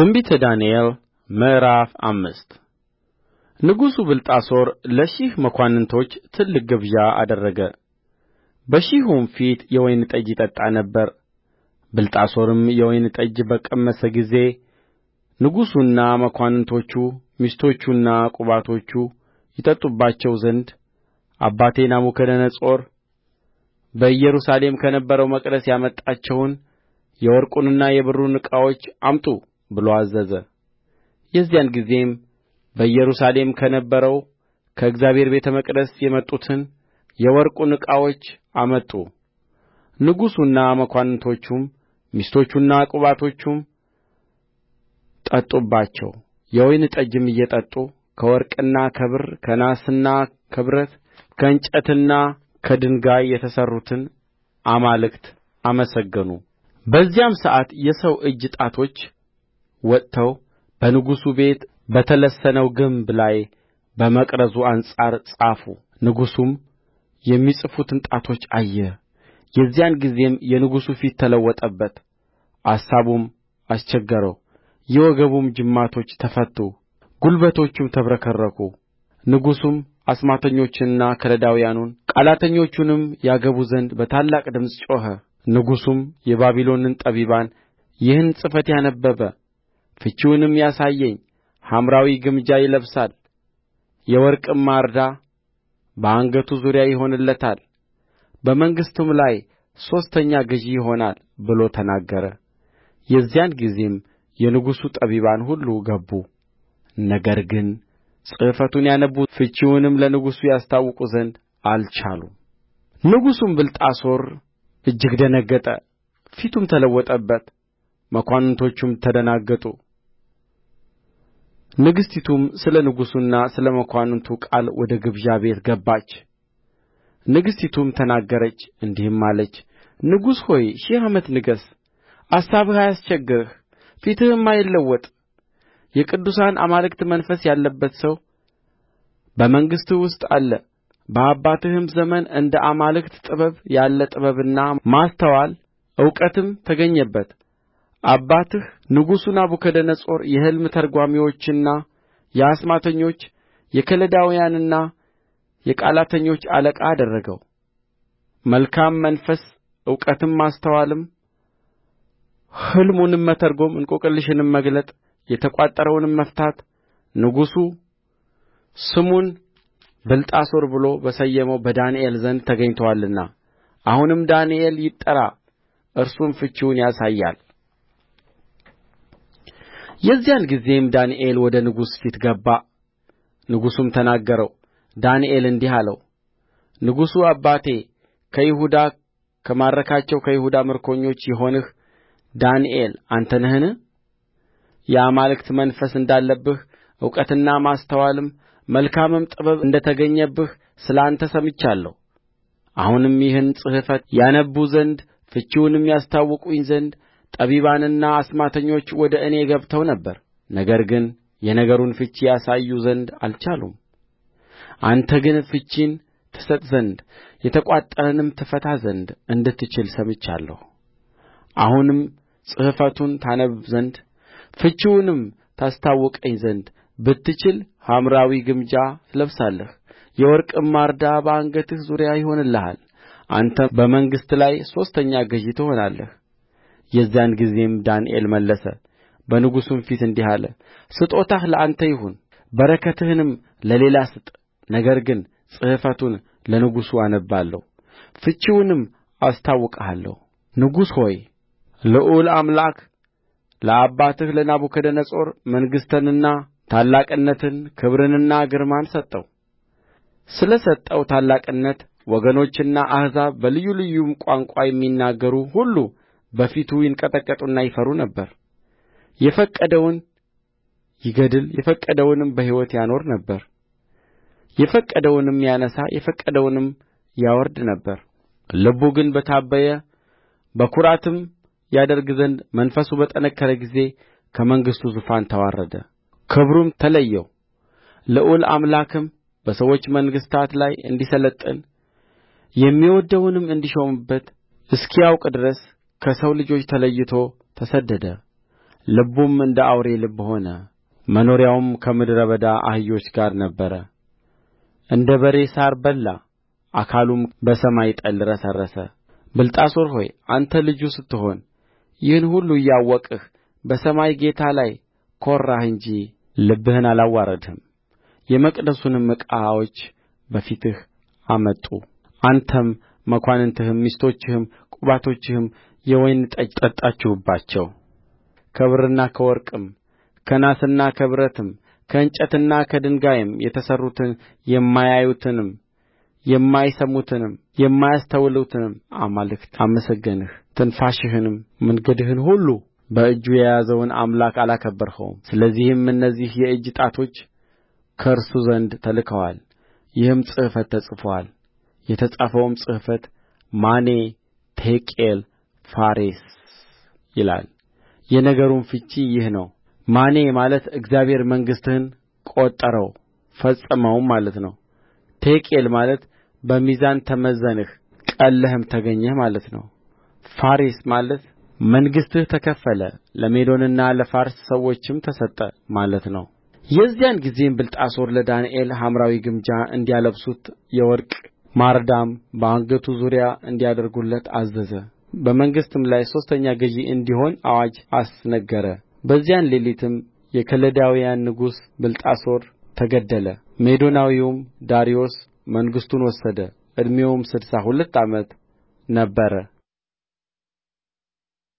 ትንቢተ ዳንኤል ምዕራፍ አምስት ንጉሡ ብልጣሶር ለሺህ መኳንንቶች ትልቅ ግብዣ አደረገ በሺሁም ፊት የወይን ጠጅ ይጠጣ ነበር። ብልጣሶርም የወይን ጠጅ በቀመሰ ጊዜ ንጉሡና መኳንንቶቹ፣ ሚስቶቹና ቁባቶቹ ይጠጡባቸው ዘንድ አባቴ ናቡከደነፆር በኢየሩሳሌም ከነበረው መቅደስ ያመጣቸውን የወርቁንና የብሩን ዕቃዎች አምጡ ብሎ አዘዘ የዚያን ጊዜም በኢየሩሳሌም ከነበረው ከእግዚአብሔር ቤተ መቅደስ የመጡትን የወርቁን ዕቃዎች አመጡ ንጉሡና መኳንንቶቹም ሚስቶቹና ቁባቶቹም ጠጡባቸው የወይን ጠጅም እየጠጡ ከወርቅና ከብር ከናስና ከብረት ከእንጨትና ከድንጋይ የተሠሩትን አማልክት አመሰገኑ በዚያም ሰዓት የሰው እጅ ጣቶች ወጥተው በንጉሡ ቤት በተለሰነው ግንብ ላይ በመቅረዙ አንጻር ጻፉ ንጉሡም የሚጽፉትን ጣቶች አየ የዚያን ጊዜም የንጉሡ ፊት ተለወጠበት አሳቡም አስቸገረው የወገቡም ጅማቶች ተፈቱ ጕልበቶቹም ተብረከረኩ ንጉሡም አስማተኞቹንና ከለዳውያኑን ቃላተኞቹንም ያገቡ ዘንድ በታላቅ ድምፅ ጮኸ ንጉሡም የባቢሎንን ጠቢባን ይህን ጽሕፈት ያነበበ ፍቺውንም ያሳየኝ ሐምራዊ ግምጃ ይለብሳል የወርቅም ማርዳ በአንገቱ ዙሪያ ይሆንለታል በመንግሥቱም ላይ ሦስተኛ ገዥ ይሆናል ብሎ ተናገረ የዚያን ጊዜም የንጉሡ ጠቢባን ሁሉ ገቡ ነገር ግን ጽሕፈቱን ያነብቡ ፍቺውንም ለንጉሡ ያስታውቁ ዘንድ አልቻሉም ንጉሡም ብልጣሶር እጅግ ደነገጠ ፊቱም ተለወጠበት መኳንንቶቹም ተደናገጡ ንግሥቲቱም ስለ ንጉሡና ስለ መኳንንቱ ቃል ወደ ግብዣ ቤት ገባች ንግሥቲቱም ተናገረች እንዲህም አለች ንጉሥ ሆይ ሺህ ዓመት ንገሥ አሳብህ አያስቸግርህ ፊትህም አይለወጥ የቅዱሳን አማልክት መንፈስ ያለበት ሰው በመንግሥትህ ውስጥ አለ በአባትህም ዘመን እንደ አማልክት ጥበብ ያለ ጥበብና ማስተዋል እውቀትም ተገኘበት አባትህ ንጉሡ ናቡከደነፆር የሕልም ተርጓሚዎችና የአስማተኞች የከለዳውያንና የቃላተኞች አለቃ አደረገው መልካም መንፈስ እውቀትም ማስተዋልም ሕልሙንም መተርጐም እንቈቅልሽንም መግለጥ የተቋጠረውንም መፍታት ንጉሡ ስሙን ብልጣሶር ብሎ በሰየመው በዳንኤል ዘንድ ተገኝቶአልና አሁንም ዳንኤል ይጠራ እርሱም ፍቺውን ያሳያል የዚያን ጊዜም ዳንኤል ወደ ንጉሡ ፊት ገባ ንጉሡም ተናገረው ዳንኤል እንዲህ አለው ንጉሡ አባቴ ከይሁዳ ከማረካቸው ከይሁዳ ምርኮኞች የሆንህ ዳንኤል አንተ ነህን? የአማልክት መንፈስ እንዳለብህ እውቀትና ማስተዋልም መልካምም ጥበብ እንደ ተገኘብህ ስለ አንተ ሰምቻለሁ። አሁንም ይህን ጽሕፈት ያነብቡ ዘንድ ፍቺውንም ያስታውቁኝ ዘንድ ጠቢባንና አስማተኞች ወደ እኔ ገብተው ነበር ነገር ግን የነገሩን ፍቺ ያሳዩ ዘንድ አልቻሉም አንተ ግን ፍቺን ትሰጥ ዘንድ የተቋጠረንም ትፈታ ዘንድ እንድትችል ሰምቻለሁ አሁንም ጽሕፈቱን ታነብብ ዘንድ ፍቺውንም ታስታውቀኝ ዘንድ ብትችል ሐምራዊ ግምጃ ትለብሳለህ የወርቅም ማርዳ በአንገትህ ዙሪያ ይሆንልሃል አንተም በመንግሥት ላይ ሦስተኛ ገዥ ትሆናለህ የዚያን ጊዜም ዳንኤል መለሰ በንጉሡም ፊት እንዲህ አለ ስጦታህ ለአንተ ይሁን በረከትህንም ለሌላ ስጥ ነገር ግን ጽሕፈቱን ለንጉሡ አነብባለሁ ፍቺውንም አስታውቅሃለሁ ንጉሥ ሆይ ልዑል አምላክ ለአባትህ ለናቡከደነፆር መንግሥትንና ታላቅነትን ክብርንና ግርማን ሰጠው ስለ ሰጠው ታላቅነት ወገኖችና አሕዛብ በልዩ ልዩም ቋንቋ የሚናገሩ ሁሉ በፊቱ ይንቀጠቀጡና ይፈሩ ነበር የፈቀደውን ይገድል የፈቀደውንም በሕይወት ያኖር ነበር የፈቀደውንም ያነሣ የፈቀደውንም ያወርድ ነበር ልቡ ግን በታበየ በኵራትም ያደርግ ዘንድ መንፈሱ በጠነከረ ጊዜ ከመንግሥቱ ዙፋን ተዋረደ ክብሩም ተለየው ልዑል አምላክም በሰዎች መንግሥታት ላይ እንዲሠለጥን የሚወድደውንም እንዲሾምበት እስኪያውቅ ድረስ ከሰው ልጆች ተለይቶ ተሰደደ ልቡም እንደ አውሬ ልብ ሆነ መኖሪያውም ከምድረ በዳ አህዮች ጋር ነበረ እንደ በሬ ሣር በላ አካሉም በሰማይ ጠል ረሰረሰ ብልጣሶር ሆይ አንተ ልጁ ስትሆን ይህን ሁሉ እያወቅህ በሰማይ ጌታ ላይ ኰራህ እንጂ ልብህን አላዋረድህም የመቅደሱንም ዕቃዎች በፊትህ አመጡ አንተም መኳንንትህም ሚስቶችህም ቁባቶችህም የወይን ጠጅ ጠጣችሁባቸው ከብርና ከወርቅም ከናስና ከብረትም ከእንጨትና ከድንጋይም የተሠሩትን የማያዩትንም የማይሰሙትንም የማያስተውሉትንም አማልክት አመሰገንህ። ትንፋሽህንም መንገድህን ሁሉ በእጁ የያዘውን አምላክ አላከበርኸውም። ስለዚህም እነዚህ የእጅ ጣቶች ከእርሱ ዘንድ ተልከዋል፣ ይህም ጽሕፈት ተጽፎአል። የተጻፈውም ጽሕፈት ማኔ ቴቄል ፋሬስ ይላል የነገሩም ፍቺ ይህ ነው ማኔ ማለት እግዚአብሔር መንግሥትን ቈጠረው ፈጸመውም ማለት ነው ቴቄል ማለት በሚዛን ተመዘንህ ቀልለህም ተገኘህ ማለት ነው ፋሬስ ማለት መንግሥትህ ተከፈለ ለሜዶንና ለፋርስ ሰዎችም ተሰጠ ማለት ነው የዚያን ጊዜም ብልጣሶር ለዳንኤል ሐምራዊ ግምጃ እንዲያለብሱት የወርቅ ማርዳም በአንገቱ ዙሪያ እንዲያደርጉለት አዘዘ በመንግሥትም ላይ ሦስተኛ ገዥ እንዲሆን አዋጅ አስነገረ በዚያን ሌሊትም የከለዳውያን ንጉሥ ብልጣሶር ተገደለ ሜዶናዊውም ዳርዮስ መንግሥቱን ወሰደ ዕድሜውም ስድሳ ሁለት ዓመት ነበረ